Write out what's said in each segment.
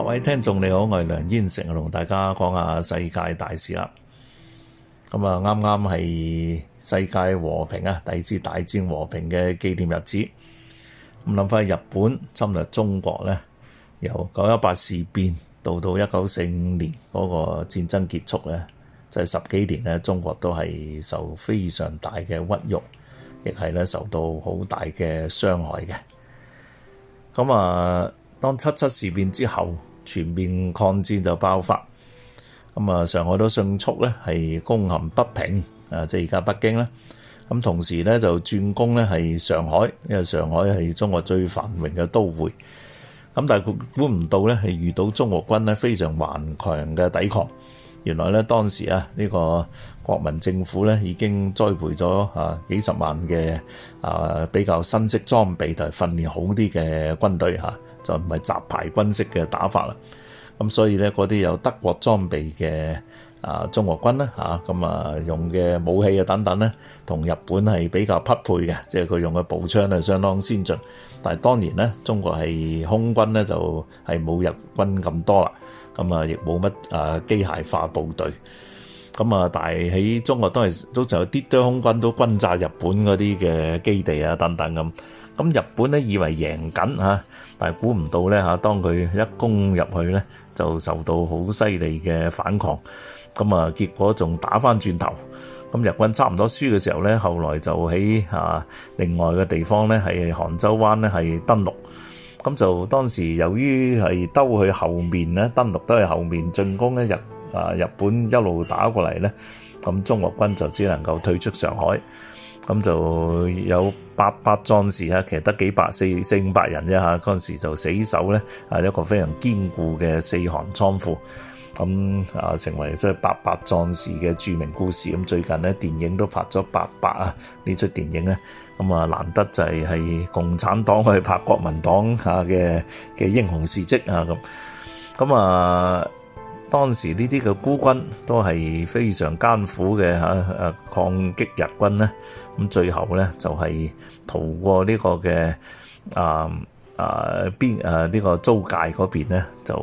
各位聽眾你好，我係梁燕城，同大家講下世界大事啦。咁啊，啱啱係世界和平啊，第二次大戰和平嘅紀念日子。咁諗翻日本侵略中國咧，由九一八事變到到一九四五年嗰個戰爭結束咧，就係、是、十幾年咧，中國都係受非常大嘅屈辱，亦係咧受到好大嘅傷害嘅。咁啊，當七七事變之後。全面抗戰就爆發，咁啊上海都迅速咧係攻陷北平啊，即係而家北京咧，咁同時咧就轉攻咧係上海，因為上海係中國最繁榮嘅都會。咁但係估唔到咧係遇到中國軍咧非常頑強嘅抵抗。原來咧當時啊呢個國民政府咧已經栽培咗啊幾十萬嘅啊比較新式裝備同埋、就是、訓練好啲嘅軍隊嚇就唔係雜牌軍式嘅打法啦。咁所以咧，嗰啲有德國裝備嘅啊，中國軍咧嚇咁啊，用嘅武器啊等等咧，同日本係比較匹配嘅，即係佢用嘅步槍係相當先進。但係當然咧，中國係空軍咧就係冇日軍咁多啦。咁啊，亦冇乜啊機械化部隊。咁啊，但係喺中國都係都就有啲多空軍都轟炸日本嗰啲嘅基地啊等等咁。咁日本咧以為贏緊嚇。但係估唔到咧嚇，當佢一攻入去咧，就受到好犀利嘅反抗。咁啊，結果仲打翻轉頭。咁日軍差唔多輸嘅時候咧，後來就喺嚇另外嘅地方咧，係杭州灣咧係登陸。咁就當時由於係兜去後面咧登陸，兜佢後面進攻咧日啊日本一路打過嚟咧，咁中國軍就只能夠退出上海。咁就有八百壯士啊，其實得幾百四四五百人啫嚇，嗰陣時就死守咧，係一個非常堅固嘅四行倉庫，咁啊成為即係八百壯士嘅著名故事。咁最近咧，電影都拍咗《八百》啊，呢出電影咧，咁啊難得就係係共產黨去拍國民黨下嘅嘅英雄事蹟啊咁，咁啊。當時呢啲嘅孤軍都係非常艱苦嘅、啊啊、抗擊日軍咧，咁、啊、最後咧就係、是、逃過呢個嘅啊啊邊呢、啊這個租界嗰邊咧就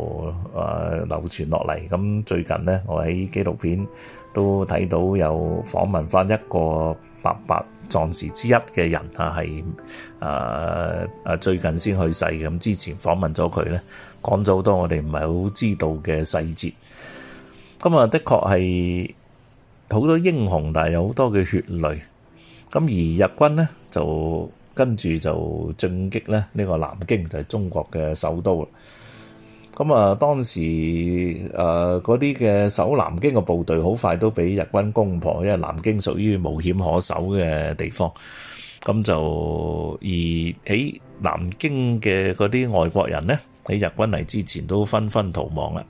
誒、啊、流傳落嚟。咁、啊、最近咧，我喺紀錄片都睇到有訪問翻一個八百壯士之一嘅人啊，係、啊啊、最近先去世嘅，咁、啊、之前訪問咗佢咧。講咗好多我哋唔係好知道嘅細節。咁啊，的確係好多英雄，但係有好多嘅血淚。咁而日軍咧就跟住就進擊咧呢個南京，就係中國嘅首都。咁啊，當時誒嗰啲嘅守南京嘅部隊，好快都俾日軍攻破，因為南京屬於無險可守嘅地方。咁就而喺南京嘅嗰啲外國人咧。喺日軍嚟之前都紛紛逃亡啦，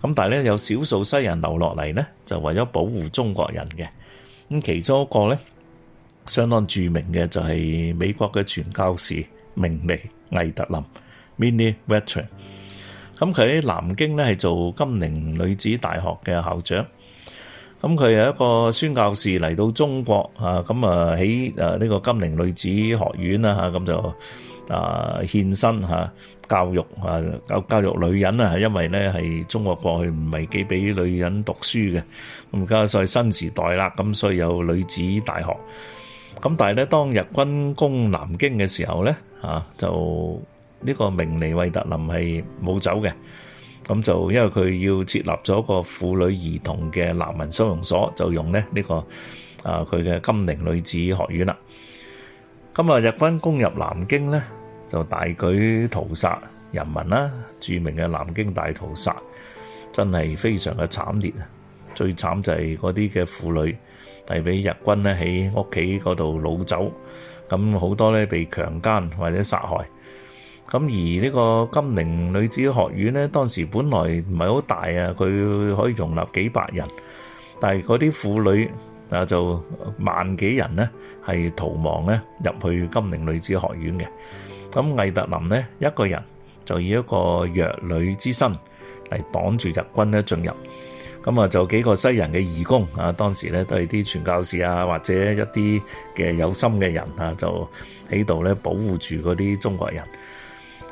咁但係咧有少數西人留落嚟咧，就為咗保護中國人嘅。咁其中一個咧，相當著名嘅就係美國嘅傳教士明尼魏特林 （Minnie Vautrin）。咁佢喺南京咧係做金陵女子大學嘅校長。咁佢有一個宣教士嚟到中國啊，咁啊喺誒呢個金陵女子學院啦嚇，咁就。啊！獻身嚇教育啊，教教育女人啊，因為咧係中國過去唔係幾俾女人讀書嘅，咁而家係新時代啦，咁所以有女子大學。咁但係咧，當日軍攻南京嘅時候咧，啊就呢個明尼惠特林係冇走嘅，咁就因為佢要設立咗個婦女兒童嘅難民收容所，就用咧呢個啊佢嘅金陵女子學院啦。今日日軍攻入南京呢，就大舉屠殺人民啦。著名嘅南京大屠殺真係非常嘅慘烈啊！最慘就係嗰啲嘅婦女，係俾日軍呢喺屋企嗰度擄走，咁好多呢被強姦或者殺害。咁而呢個金陵女子學院呢，當時本來唔係好大啊，佢可以容納幾百人，但係嗰啲婦女。啊，就萬幾人呢係逃亡咧入去金陵女子學院嘅。咁魏特林呢，一個人就以一個弱女之身嚟擋住日軍咧進入。咁啊，就幾個西人嘅義工啊，當時咧都係啲傳教士啊，或者一啲嘅有心嘅人啊，就喺度咧保護住嗰啲中國人。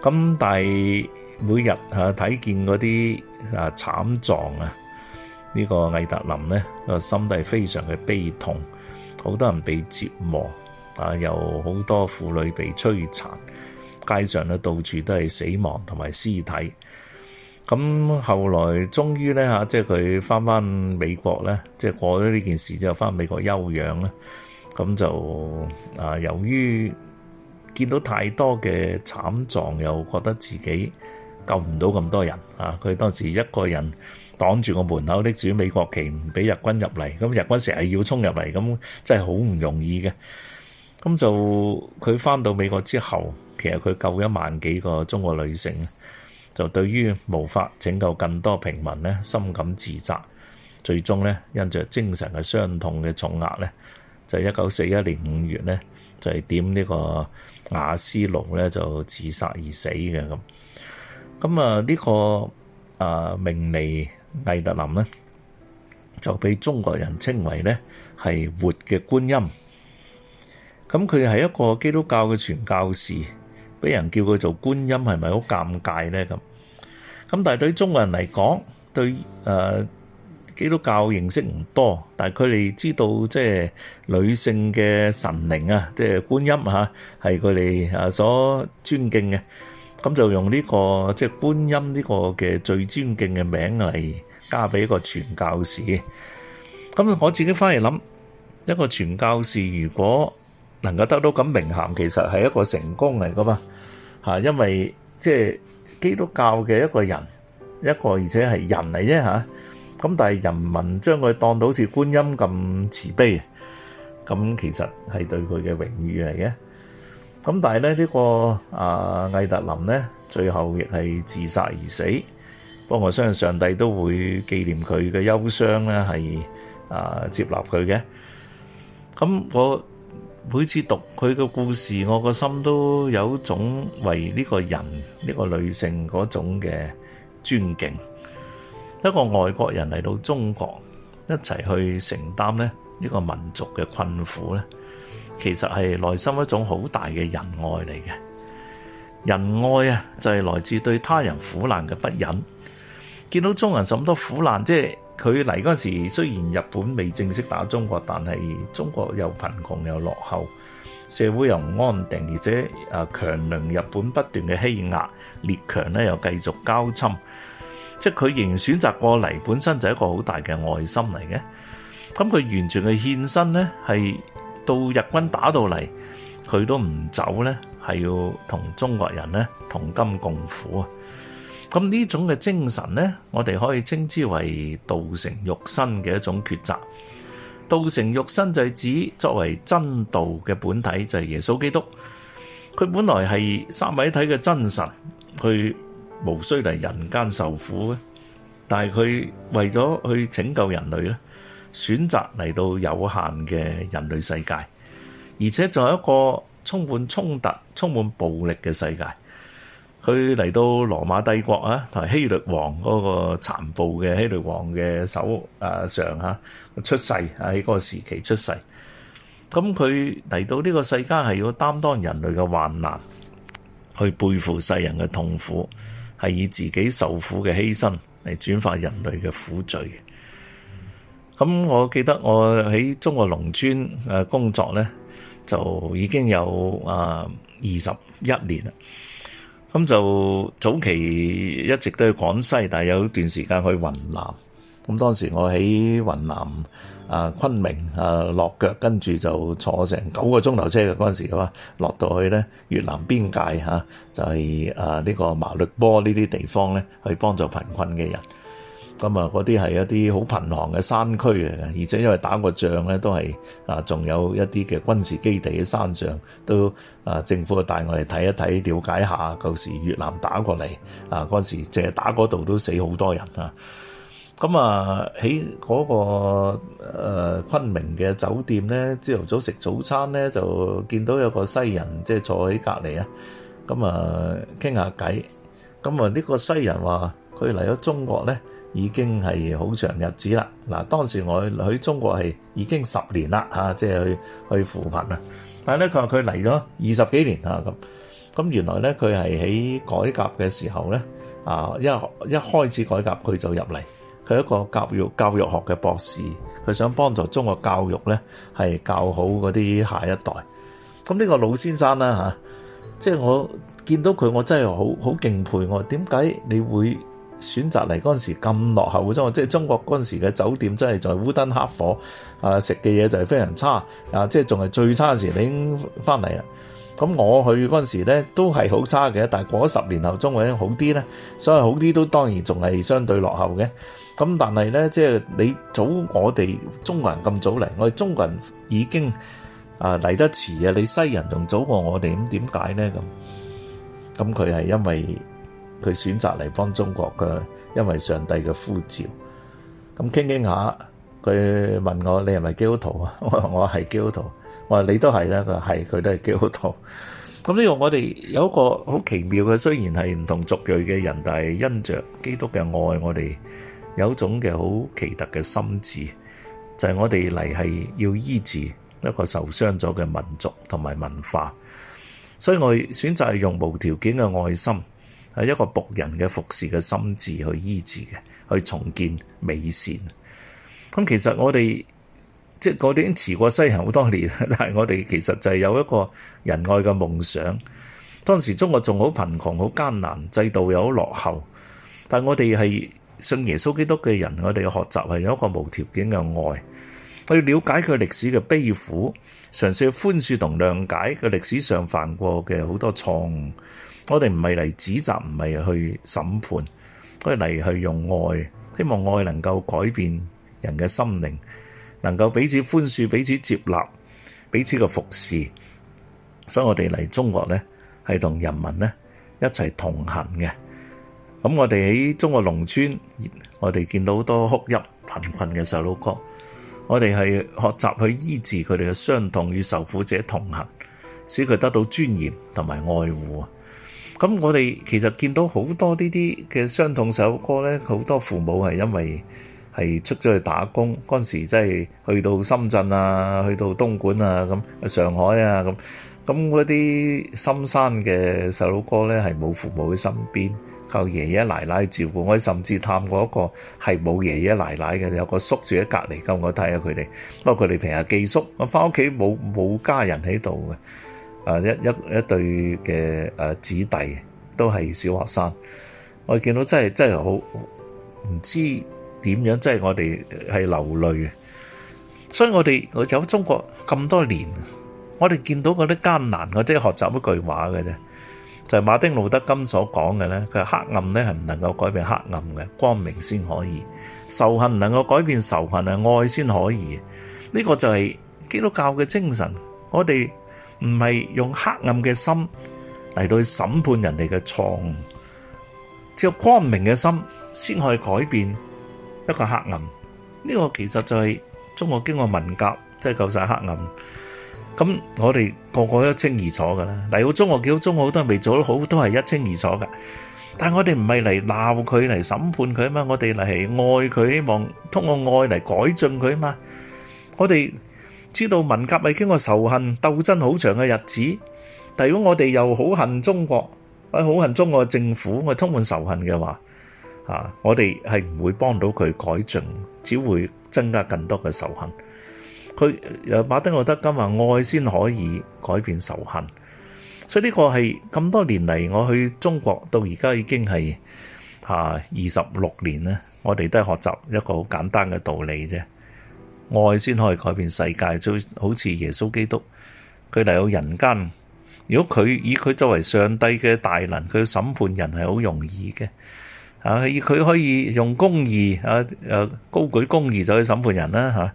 咁但係每日啊睇見嗰啲啊慘狀啊～呢、這個魏特林呢，個心底非常嘅悲痛，好多人被折磨，啊，又好多婦女被摧殘，街上咧，到處都係死亡同埋屍體。咁後來終於呢，嚇、啊，即係佢翻返美國呢，即係過咗呢件事之後，翻美國休養咧。咁就啊，由於見到太多嘅慘狀，又覺得自己救唔到咁多人，啊，佢當時一個人，擋住個門口，拎住美國旗，唔俾日軍入嚟。咁日軍成日要衝入嚟，咁真係好唔容易嘅。咁就佢返到美國之後，其實佢救一萬幾個中國女性，就對於無法拯救更多平民呢，深感自責。最終呢，因着精神嘅傷痛嘅重壓呢，就一九四一年五月呢，就係、是、點呢個瓦斯爐呢，就自殺而死嘅咁。咁、這個、啊呢個啊明尼。魏特林咧就俾中國人稱為咧，係活嘅觀音。咁佢係一個基督教嘅傳教士，俾人叫佢做觀音係咪好尷尬咧咁？咁但係對中國人嚟講，對誒基督教認識唔多，但係佢哋知道即係女性嘅神靈啊，即係觀音嚇係佢哋誒所尊敬嘅。咁就用呢個即係觀音呢個嘅最尊敬嘅名嚟加俾一個傳教士。咁我自己翻嚟諗，一個傳教士如果能夠得到咁名銜，其實係一個成功嚟噶嘛嚇，因為即係基督教嘅一個人，一個而且係人嚟啫嚇。咁但係人民將佢當到好似觀音咁慈悲，咁其實係對佢嘅榮譽嚟嘅。咁但係咧呢個阿魏特林咧，最後亦係自殺而死。不過我相信上帝都會紀念佢嘅憂傷咧，係啊，接納佢嘅。咁我每次讀佢嘅故事，我個心都有種為呢個人呢個女性嗰種嘅尊敬。一個外國人嚟到中國，一齊去承擔咧呢個民族嘅困苦咧。其實係內心一種好大嘅仁愛嚟嘅，仁愛啊就係、是、來自對他人苦難嘅不忍。見到中人甚多苦難，即係佢嚟嗰時候雖然日本未正式打中國，但係中國又貧窮又落後，社會又唔安定，而且誒強鄰日本不斷嘅欺壓，列強呢又繼續交侵，即係佢仍然選擇過嚟，本身就係一個好大嘅愛心嚟嘅。咁佢完全嘅獻身呢係。是到日軍打到嚟，佢都唔走呢，係要同中國人呢同甘共苦啊！咁呢種嘅精神呢，我哋可以稱之為道成肉身嘅一種抉擇。道成肉身就係指作為真道嘅本體就係耶穌基督，佢本來係三位一體嘅真神，佢無需嚟人間受苦嘅，但係佢為咗去拯救人類咧。選擇嚟到有限嘅人類世界，而且仲有一個充滿衝突、充滿暴力嘅世界。佢嚟到羅馬帝國啊，同希律王嗰個殘暴嘅希律王嘅手上出世，喺個時期出世。咁佢嚟到呢個世間，係要擔當人類嘅患難，去背負世人嘅痛苦，係以自己受苦嘅犧牲嚟轉化人類嘅苦罪。咁我記得我喺中國農村工作咧，就已經有啊二十一年啦。咁就早期一直都去廣西，但係有段時間去雲南。咁當時我喺雲南啊昆明啊落腳，跟住就坐成九個鐘頭車嘅嗰陣時嘅話，落到去咧越南邊界嚇、啊、就係、是、啊呢、呢個麻栗坡呢啲地方咧，去幫助貧困嘅人。咁啊，嗰啲係一啲好貧寒嘅山區嚟嘅，而且因為打過仗咧，都係啊，仲有一啲嘅軍事基地嘅山上都啊，政府帶我哋睇一睇，了解下舊時越南打過嚟啊，嗰時淨係打嗰度都死好多人啊。咁啊，喺嗰個誒昆明嘅酒店咧，朝頭早食早餐咧，就見到有個西人即係坐喺隔離啊。咁啊，傾下偈。咁啊，呢個西人話佢嚟咗中國咧。已經係好長日子啦！嗱，當時我喺中國係已經十年啦，嚇，即係去去扶貧啊！但係咧，佢話佢嚟咗二十幾年嚇咁。咁原來咧，佢係喺改革嘅時候咧，啊一一開始改革佢就入嚟。佢係一個教育教育學嘅博士，佢想幫助中國教育咧，係教好嗰啲下一代。咁呢個老先生啦嚇，即係我見到佢，我真係好好敬佩我。點解你會？選擇嚟嗰陣時咁落後嘅，即係中國嗰陣、就是、時嘅酒店真係在烏燈黑火，啊食嘅嘢就係非常差，啊即係仲係最差嘅時候你已經翻嚟啦。咁我去嗰陣時咧都係好差嘅，但係過咗十年後，中國已經好啲咧，所以好啲都當然仲係相對落後嘅。咁但係咧，即、就、係、是、你早我哋中國人咁早嚟，我哋中國人已經啊嚟得遲啊，你西人仲早過我哋，咁點解咧咁？咁佢係因為。佢選擇嚟幫中國嘅，因為上帝嘅呼召。咁傾傾下，佢問我：你係咪基督徒啊？我話我係基督徒。我話你都係啦。佢話係，佢都係基督徒。咁呢個我哋有一個好奇妙嘅，雖然係唔同族裔嘅人，但係因着基督嘅愛，我哋有一種嘅好奇特嘅心智，就係我哋嚟係要醫治一個受傷咗嘅民族同埋文化，所以我選擇用無條件嘅愛心。係一個僕人嘅服侍嘅心志去醫治嘅，去重建美善。咁其實我哋即係嗰啲已經遲過西人好多年，但係我哋其實就係有一個仁愛嘅夢想。當時中國仲好貧窮、好艱難，制度又好落後，但係我哋係信耶穌基督嘅人，我哋嘅學習係有一個無條件嘅愛去了解佢歷史嘅悲苦，嘗試去寬恕同諒解佢歷史上犯過嘅好多錯誤。我哋唔係嚟指責，唔係去審判，都係嚟去用愛，希望愛能夠改變人嘅心靈，能夠彼此寬恕，彼此接納，彼此嘅服侍。所以我哋嚟中國咧，係同人民咧一齊同行嘅。咁我哋喺中國農村，我哋見到好多哭泣貧困嘅細路哥，我哋係學習去醫治佢哋嘅傷痛，與受苦者同行，使佢得到尊嚴同埋愛護。咁我哋其實見到好多呢啲嘅傷痛，細佬哥咧，好多父母係因為係出咗去打工，嗰陣時真係去到深圳啊，去到東莞啊，咁上海啊，咁咁嗰啲深山嘅細佬哥咧，係冇父母喺身邊，靠爺爺奶奶照顧。我甚至探過一個係冇爺爺奶奶嘅，有個叔住喺隔籬，咁我睇下佢哋。不過佢哋平日寄宿，我翻屋企冇冇家人喺度嘅。啊一一一對嘅誒、呃、子弟都係小學生。我見到真係真係好唔知點樣，真係我哋係流淚。所以我哋我有中國咁多年，我哋見到嗰啲艱難，我即係學習一句話嘅啫，就係、是、馬丁路德金所講嘅咧。佢話黑暗咧係唔能夠改變黑暗嘅，光明先可以；仇恨唔能夠改變仇恨啊，愛先可以。呢、這個就係基督教嘅精神，我哋。唔係用黑暗嘅心嚟到去審判人哋嘅錯誤，只有光明嘅心先可以改變一個黑暗。呢個其實就係中國經過文革，即係夠晒黑暗。咁我哋個個一清二楚噶啦，嚟到中國幾好，中國好多人都未做得好，都係一清二楚噶。但我哋唔係嚟鬧佢嚟審判佢啊嘛，我哋嚟愛佢，希望通過愛嚟改進佢啊嘛。我哋。知道文革係經過仇恨鬥爭好長嘅日子，但如果我哋又好恨中國，好恨中國政府，我充滿仇恨嘅話，啊，我哋係唔會幫到佢改進，只會增加更多嘅仇恨。佢誒，馬丁路德金話愛先可以改變仇恨，所以呢個係咁多年嚟，我去中國到而家已經係啊二十六年呢，我哋都係學習一個好簡單嘅道理啫。愛先可以改變世界，就好似耶穌基督，佢嚟到人間，如果佢以佢作為上帝嘅大能，佢要審判人係好容易嘅，以佢可以用公義，高舉公義就可以審判人啦。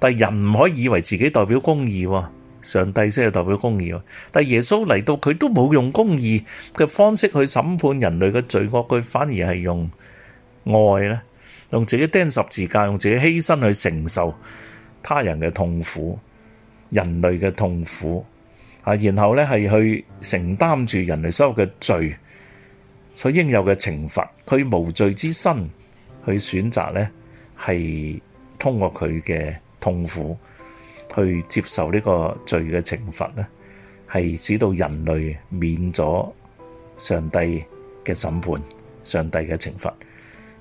但人唔可以以為自己代表公義喎，上帝先係代表公義喎，但耶穌嚟到佢都冇用公義嘅方式去審判人類嘅罪惡，佢反而係用愛呢，用自己釘十字架，用自己犧牲去承受他人嘅痛苦、人類嘅痛苦，啊，然後咧係去承擔住人類所有嘅罪，所應有嘅懲罰。佢無罪之身去選擇咧，係通過佢嘅痛苦去接受呢個罪嘅懲罰咧，係使到人類免咗上帝嘅審判、上帝嘅懲罰。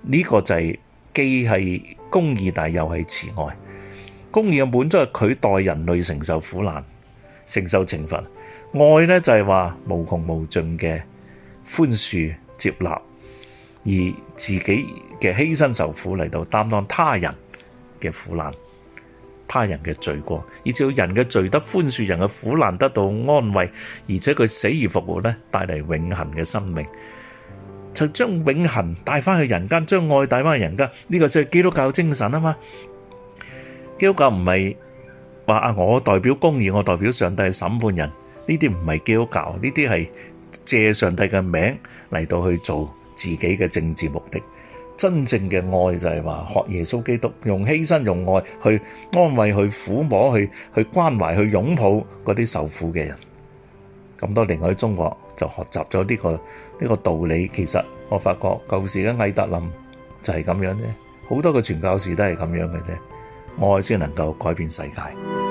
呢個就係。既係公義，但又係慈愛。公義嘅本質係佢代人類承受苦難、承受懲罰；愛呢，就係話無窮無盡嘅寬恕接納，而自己嘅犧牲受苦嚟到擔當他人嘅苦難、他人嘅罪過，以至到人嘅罪得寬恕，人嘅苦難得到安慰，而且佢死而復活呢帶嚟永恒嘅生命。就將永恒帶翻去人間，將愛帶翻去人間。呢個就係基督教嘅精神啊嘛！基督教唔係話啊，我代表公義，我代表上帝審判人。呢啲唔係基督教，呢啲係借上帝嘅名嚟到去做自己嘅政治目的。真正嘅愛就係話學耶穌基督，用犧牲、用愛去安慰、去撫摸、去去關懷、去擁抱嗰啲受苦嘅人。咁多年我喺中國就學習咗呢個。呢個個道理其實我發覺舊時嘅魏特林就係咁樣嘅啫，好多個傳教士都係咁樣嘅啫，愛先能夠改變世界。